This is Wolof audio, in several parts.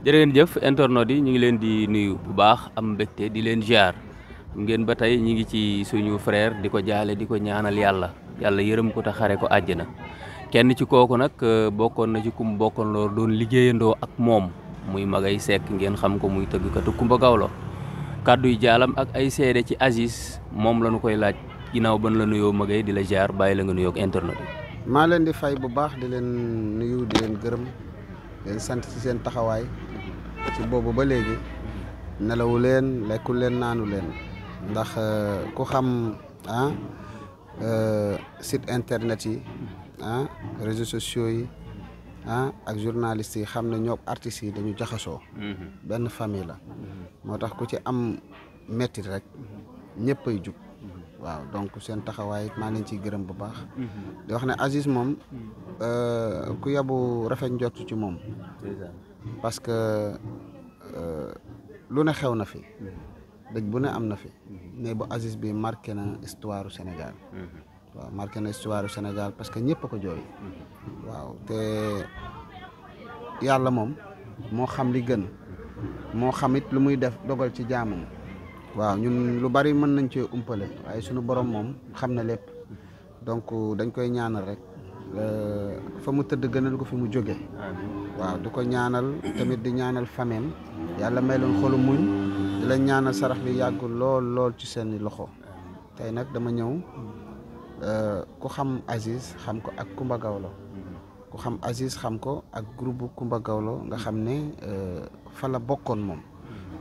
jërë ngeen jëf internautes yi ñu ngi leen di nuyu bu baax am mbégte di leen ziar ngeen ba tey ñu ngi ci suñu freer di ko jaale di ko ñaanal yàlla yàlla yërëm ko te xare ko àjjana kenn ci kooku nag euh, bokkoon na ci kum bokkoon loolu doon liggéeyandoo ak moom muy Magay Sekk ngeen xam ko muy tëggkatu Kumba Gawlo kàddu yi jaalam ak ay seede ci Aziz moom lañu koy laaj ginnaaw ban la nuyoo Magay di la ziar bàyyi la nga nuyoo ak internautes maa leen di fay bu baax di leen nuyu di gërëm sant ci seen taxawaay. ci boobu ba léegi nelawu leen lekku leen naanu leen ndax euh, ku xam ah euh, site internet yi ah réseaux sociaux yi ah, ak journalistes yi xam ne ñoo artistes yi dañu jaxasoo mm-hmm. benn famille la mm-hmm. moo tax ku ci am mettit rek ñëpp ay jug waaw donc seen taxawaay maa leen ciy gërëm bu baax mm-hmm. di wax ne Aziz moom euh, ku yabu rafet njort ci moom parce que euh, lu ne xew na fi dëj bu ne am na fi mais bu Aziz bi marqué na histoire du Sénégal waaw marqué na histoire Sénégal parce que ñëpp ko jooy waaw te yàlla moom moo xam li gën moo xamit lu muy def dogal ci jaamam waaw ñun lu bari mën nañ cee umpale waaye suñu borom moom xam na lépp donc dañ koy ñaanal rek Euh, fa mu tëdd gënal ko fi mu jóge waaw du ko ñaanal tamit di ñaanal fameem yàlla may leen xolu muñ di la ñaanal sarax bi yàgg lool lool ci seen loxo tey nag dama ñëw euh, ku xam asis xam ko ak Kumba Gawlo ku xam asis xam ko ak groupe Kumba Gawlo nga xam ne euh, fa la bokkoon moom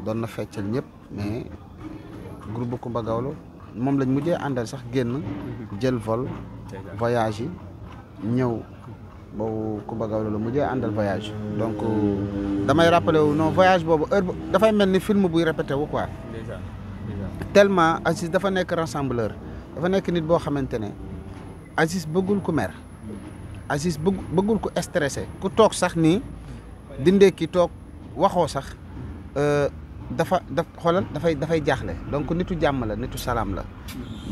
doon na feccal ñëpp mais groupe Kumba Gawlo moom lañ mu jee àndal sax génn jël vol voyage yi ñew bo ko bagaw la mujjee andal voyage donc damay rappelé wu non voyage bobu heure da fay melni film buy répété wu quoi tellement assis da fa nek rassembleur da fa nek nit bo xamantene assis Aziz bëggul ku mer assis bëgg bëggul ku stressé ku tok sax ni dindé ki tok waxo sax euh dafa da fay da fay jaxlé donc nitu jàmm la nitu salam la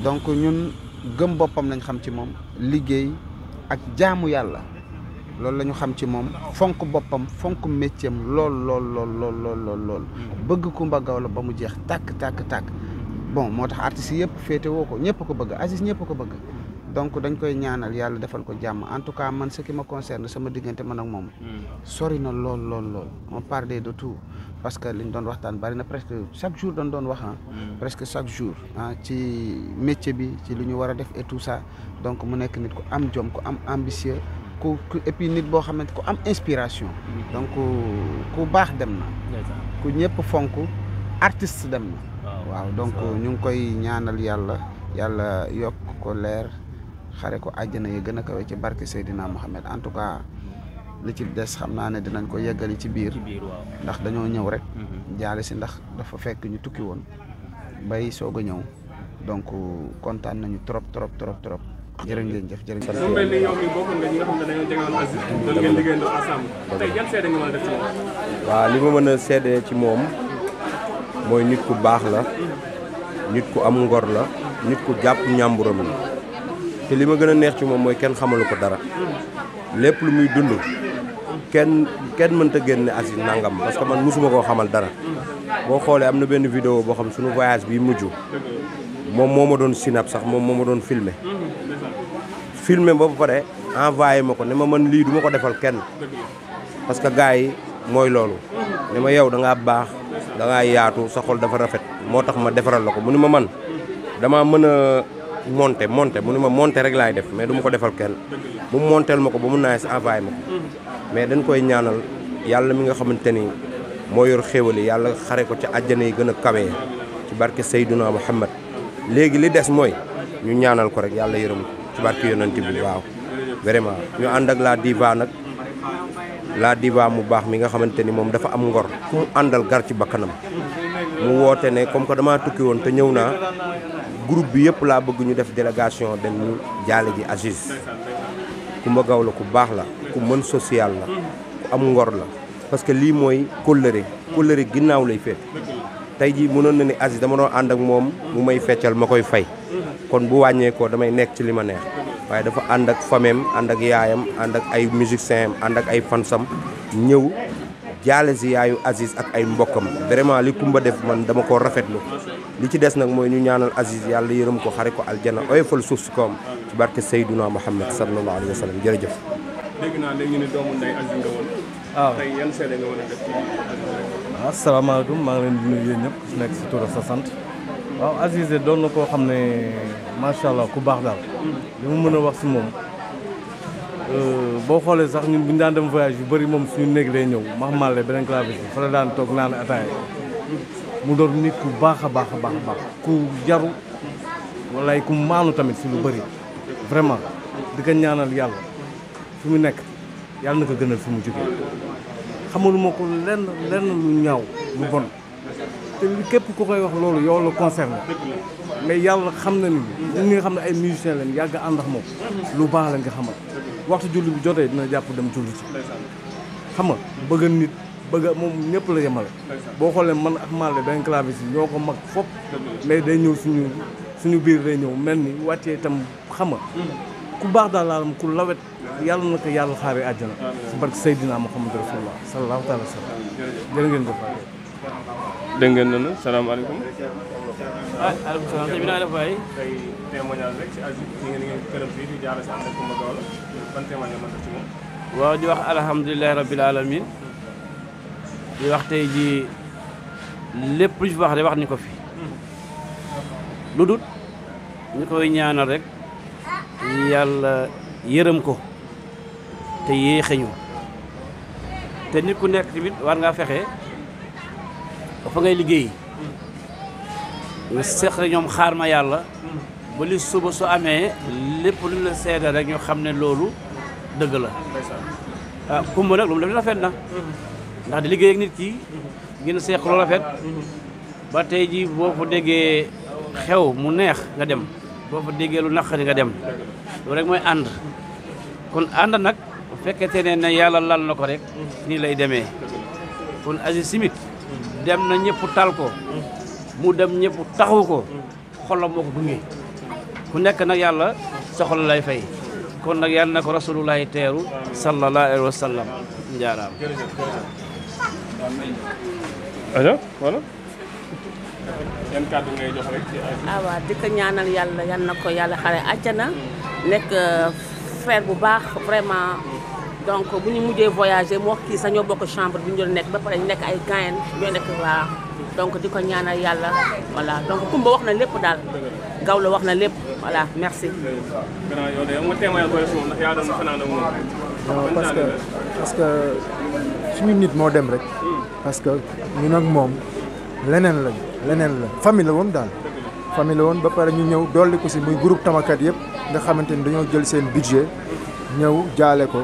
donc ñun gëm bopam lañ xam ci mom liggéey ak jaamu yàlla loolu lañu xam ci moom fonk boppam fonk métier am lool lool lool lool lool lool lool bëgg Coumba Gawlo ba mu jeex tàkk tàkk tàkk bon moo tax artistes yëpp féete woo ko ñëpp ko bëgg Aziz ñëpp ko bëgg donc dañ koy ñaanal ko en tout cas ce qui me concerne sama man ak hmm. sori na lool lool lool. on parlait de tout parce que liñ doon presque chaque jour doon hein. hmm. presque chaque jour hein, ci métier bi ci et tout ça donc mu nekk nit ambitieux. et puis nit bo am inspiration. Hmm. donc ku dem na. artiste dem na. donc koy ñaanal xare ko àjjana yi gën a kawe ci barke Seydina Mohamed en tout cas li ci des xam naa ne dinañ ko yeggali ci biir ndax dañoo ñëw rek mm-hmm. jaale si ndax dafa fekk ñu tukki woon bay soog a ñëw donc kontaan nañu trop trop trop trop jërë ngeen jëf jërë ngeen. a def ci moom. waaw li ma mën a seede ci moom mooy nit ku baax la nit ku am ngor la nit ku jàpp ñàmburam la te li ma gën a neex ci moom mooy kenn xamalu ko dara lépp lu muy dund kenn kenn mënta génn asi nangam parce que man mosuma koo xamal dara boo xoolee am na benn vidéo boo xam sunu voyage bi mujj moom moo ma doon synap sax moom moo ma doon filmer filmer ba pare envoyé ma ko ne ma man lii du ma ko defal kenn parce que gars yi mooy loolu ne ma yow da ngaa baax da yaatu sa dafa rafet moo tax ma defaral la ko mu ni ma man dama mën a monte monté mu ne ma monté rek laay def mais du ma ko defal kenn mu monteel ma ko ba mu naaj si envoyé ma ko mais dañ koy ñaanal yàlla mi nga xamante ni moo yor xéewal yi yàlla xare ko ci àjjana yi gën a kawee ci barke Seydouna Muhammad léegi li des mooy ñu ñaanal ko rek yàlla yërëm ci barke yonent bi waaw vraiment ñu ànd ak la diva nag la diva mu baax mi nga xamante ni moom dafa am ngor fu mu àndal gar ci bakkanam mu woote ne comme que damaa tukki woon te ñëw naa groupe bi yëpp laa bëgg ñu def délégation dem ñu jaale ji Aziz Kumba Gaw la ku baax la ku mën social la ku am ngor la parce que lii mooy kóllëre kóllëre ginnaaw lay féet tey jii mënoon na ni Aziz dama doon ànd ak moom mu may feccal ma koy fay kon bu wàññeekoo damay nekk ci li ma neex waaye dafa ànd ak famem ànd ak yaayam ànd ak ay musiciens ànd ak ay fansam ñëw jaale si yaayu Aziz ak ay mbokkam vraiment li Kumba def man dama koo rafet lu li ci des nag mooy ñu ñaanal Aziz yàlla yërëm ko xare ko aljana oyofal suuf si koom ci barke Seydouna Mouhamed sallallahu alayhi wa sallam jërëjëf. dégg naa léegi ne doomu ndey Aziz nga woon. waaw tey yan seede nga woon a def ci waaw asalaamaaleykum maa ngi leen di nuyu yéen ñëpp ku nekk si turam sa sant. waaw Aziz de doon na koo xam ne macha allah ku baax daal. li mu mën a wax si moom. boo xoolee sax ñun bu ñu daan dem voyage yu bëri moom suñu néeg lay ñëw Mahmale beneen clavier bi fa la daan toog naan ataaya. mu door nit ku baax a baax a baax a baax ku jaru ay ku maanu tamit si lu bari vraiment di ko ñaanal yàlla fu mu nekk yàlla na ko gënal fu mu jógee xamaluma ko lenn lenn lu ñaaw mu bon te li képp ku koy wax loolu yow la concerné mais yàlla xam na ni ñi xam ne ay musiciens lañ yàgg ànd ak moom lu baax la nga wax si julli bu jotee dina jàpp dem julli ci xam nga nit bëgg a moom ñëpp la yemale. boo xoolee man ak Malick benn clavicine ñoo ko mag fop mais day ñëw suñu suñu biir day ñëw mel ni wàccee itam xam nga hmm. ku baax daal laalam ku lawet yàlla na ko yàlla xaaree àjjana. si barke Seydina Muhammad rasulullah sallallahu taala wa sallam jërë ngeen ah, naa def waay. tey témoignage rek si aju ñu ngi leen këram fii di jaarale ci moom. waaw di wax alhamdulilah rabil alamin di wax tey jii lépp lu ci wax de wax ni ko fi lu dut ñu koy ñaanal rek yàlla yërëm ko te yéexeñu te nit ku nekk tamit war ngaa fexe fa ngay liggéey nga seq rek ñoom xaar ma yàlla ba li suba su amee lépp lu la seede rek ñu xam ne loolu dëgg la ah kumba nag lu mu def rafet na mm-hmm. ndax di liggéey nit ki ngeen seeq lu rafet ba tey ji boo fa déggee xew mu neex nga dem boo fa déggee lu naqari nga dem loolu rek mooy ànd kon ànd nag bu fekkente ne ne yàlla lal na ko rek nii lay demee kon Aziz simit dem na ñëpp tal ko mu dem ñépp taxaw ko xolam moo ko gunge ku nekk nag yàlla soxla lay fay kon nag yàlla na ko rasulullahi teeru sallallahu alayhi wa njaaraam aja voilà. yan kàddu ngay jox rek ci ah waaw di ko ñaanal yàlla yan na ko yàlla xare àjjana nekk euh, frère bu baax vraiment. donc bu ñu mujjee voyager mu wax kii sax bokk chambre bi ñu doon nekk ba pare ñu nekk ay gayen ñoo nekk waa donc di ko ñaanal yàlla voilà donc Kumba wax na lépp daal gaw la wax na lépp voilà merci. parce que parce que suñu nit moo dem rek. Hmm. parce que ñun ak moom leneen la leneen la famille la woon daal. famille la woon ba pare ñu ñëw dolli ko si muy groupe tamakat yëpp nga xamante ni dañoo jël seen budget ñëw jaale ko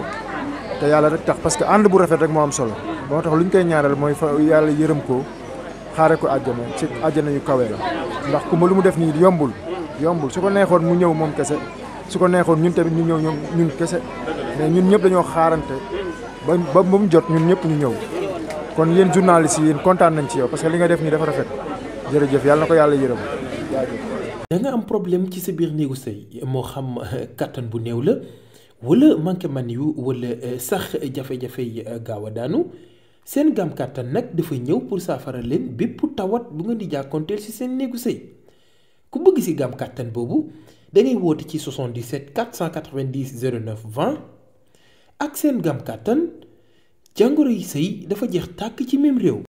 te yàlla rek tax parce que ànd bu rafet rek moo am solo. moo tax lu ñu koy ñaanal mooy fa yàlla yërëm ko xaare ko àjjana ci àjjana yu kawe la ndax ku ma lu mu def nii yombul yombul su ko neexoon mu ñëw moom kese su ko neexoon ñun tamit ñu ñëw ñun kese mais ñun ñëpp dañoo xaarante ba ba mu jot ñun ñëpp ñu ñëw. kon yéen journalistes yi yéen kontaan nañ ci yow parce que li nga def nii dafa rafet jërëjëf yàlla na ko yàlla yërëm da nga am problème ci sa biir néegu sëy moo xam euh, kattan bu néew la wala manqué man yu wala euh, sax jafe-jafe yi euh, gaaw a daanu seen gam kàttan nag dafa ñëw pour saafara leen bépp tawat bu nga di jàkkoonteel ci seen néegu sëy ku bëgg ci gam kàttan boobu da ngay woote ci 77 490 09 20 ak seen gam kàttan jàngoro yi sëy dafa jeex tàkk ci même réew